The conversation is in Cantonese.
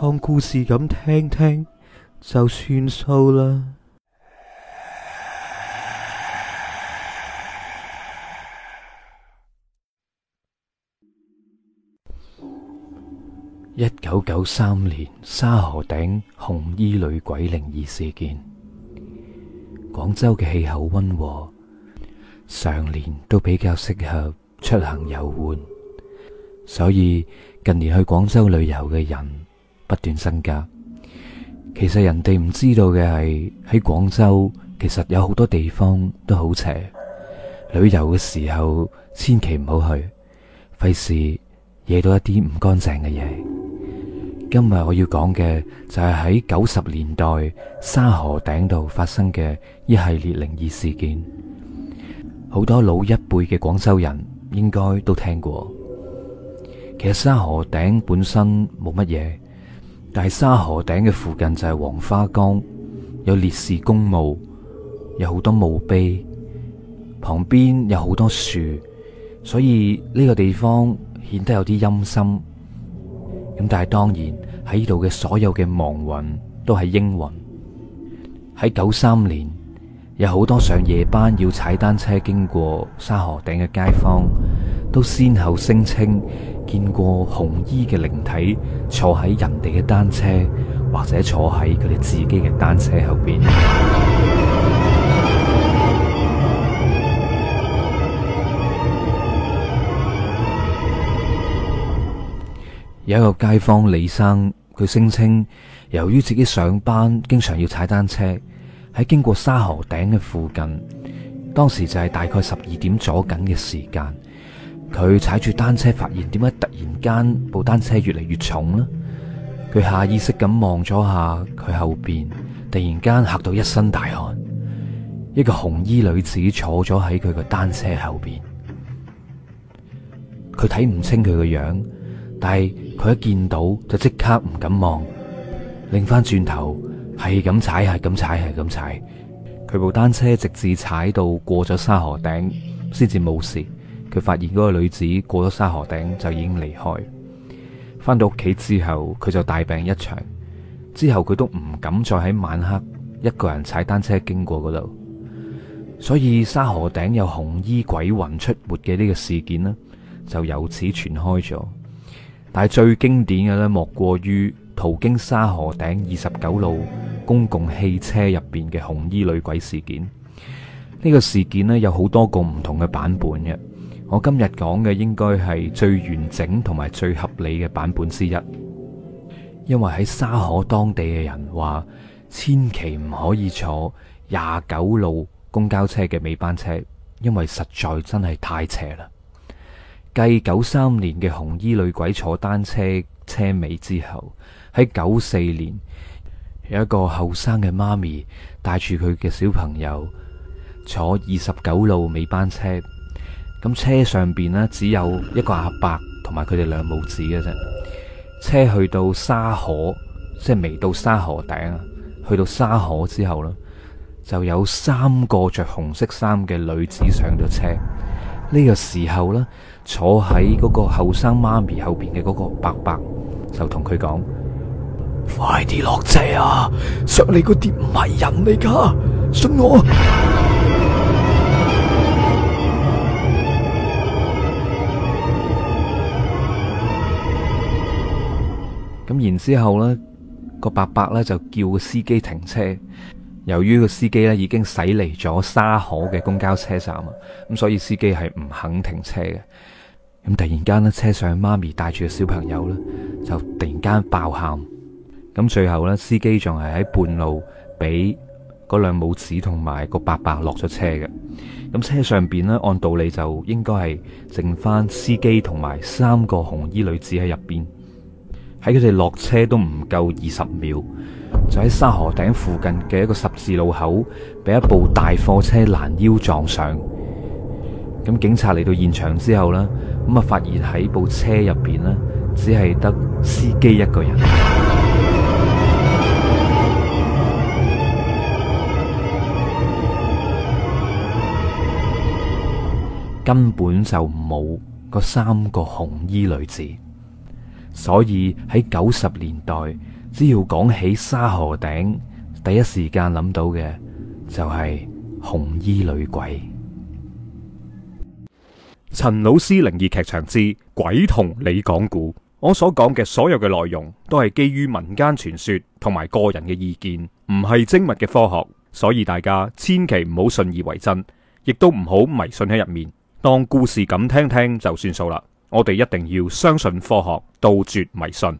當故事咁聽聽就算數啦。一九九三年沙河頂紅衣女鬼靈異事件。廣州嘅氣候溫和，常年都比較適合出行遊玩，所以近年去廣州旅遊嘅人，不斷增加，其實人哋唔知道嘅係喺廣州，其實有好多地方都好邪，旅遊嘅時候千祈唔好去，費事惹,惹,惹到一啲唔乾淨嘅嘢。今日我要講嘅就係喺九十年代沙河頂度發生嘅一系列靈異事件，好多老一輩嘅廣州人應該都聽過。其實沙河頂本身冇乜嘢。但係沙河頂嘅附近就係黃花崗，有烈士公墓，有好多墓碑，旁邊有好多樹，所以呢個地方顯得有啲陰森。咁但係當然喺呢度嘅所有嘅亡魂都係英魂。喺九三年，有好多上夜班要踩單車經過沙河頂嘅街坊。都先後聲稱見過紅衣嘅靈體坐喺人哋嘅單車，或者坐喺佢哋自己嘅單車後邊。 有一個街坊李生，佢聲稱，由於自己上班經常要踩單車，喺經過沙河頂嘅附近，當時就係大概十二點左緊嘅時間。佢踩住單車，發現點解突然間部單車越嚟越重呢？佢下意識咁望咗下佢後邊，突然間嚇到一身大汗。一個紅衣女子坐咗喺佢個單車後邊，佢睇唔清佢個樣，但係佢一見到就即刻唔敢望，擰翻轉頭係咁踩，係咁踩，係咁踩。佢部單車直至踩到過咗沙河頂，先至冇事。佢發現嗰個女子過咗沙河頂就已經離開。翻到屋企之後，佢就大病一場。之後佢都唔敢再喺晚黑一個人踩單車經過嗰度。所以沙河頂有紅衣鬼魂出沒嘅呢個事件呢，就由此傳開咗。但係最經典嘅呢，莫過於途經沙河頂二十九路公共汽車入邊嘅紅衣女鬼事件。呢個事件呢，有好多個唔同嘅版本嘅。我今日講嘅應該係最完整同埋最合理嘅版本之一，因為喺沙河當地嘅人話，千祈唔可以坐廿九路公交車嘅尾班車，因為實在真係太斜啦。繼九三年嘅紅衣女鬼坐單車車尾之後，喺九四年有一個後生嘅媽咪帶住佢嘅小朋友坐二十九路尾班車。咁車上邊呢，只有一個阿伯同埋佢哋兩母子嘅啫。車去到沙河，即係未到沙河頂啊，去到沙河之後呢，就有三個着紅色衫嘅女子上咗車。呢個時候呢，坐喺嗰個後生媽咪後邊嘅嗰個伯伯就同佢講：快啲落車啊！上嚟嗰啲唔係人嚟噶，信我。咁然之後呢個伯伯咧就叫個司機停車。由於個司機咧已經駛嚟咗沙河嘅公交車站，咁所以司機係唔肯停車嘅。咁突然間呢，車上媽咪帶住嘅小朋友呢，就突然間爆喊。咁最後呢，司機仲係喺半路俾嗰兩母子同埋個伯伯落咗車嘅。咁車上邊呢，按道理就應該係剩翻司機同埋三個紅衣女子喺入邊。喺佢哋落車都唔夠二十秒，就喺沙河頂附近嘅一個十字路口，俾一部大貨車攔腰撞上。咁警察嚟到現場之後呢，咁啊發現喺部車入邊呢只係得司機一個人，根本就冇嗰三個紅衣女子。所以喺九十年代，只要講起沙河頂，第一時間諗到嘅就係紅衣女鬼。陳老師靈異劇場之鬼同你講古，我所講嘅所有嘅內容都係基於民間傳說同埋個人嘅意見，唔係精密嘅科學，所以大家千祈唔好信以為真，亦都唔好迷信喺入面，當故事咁聽聽就算數啦。我哋一定要相信科學，杜絕迷信。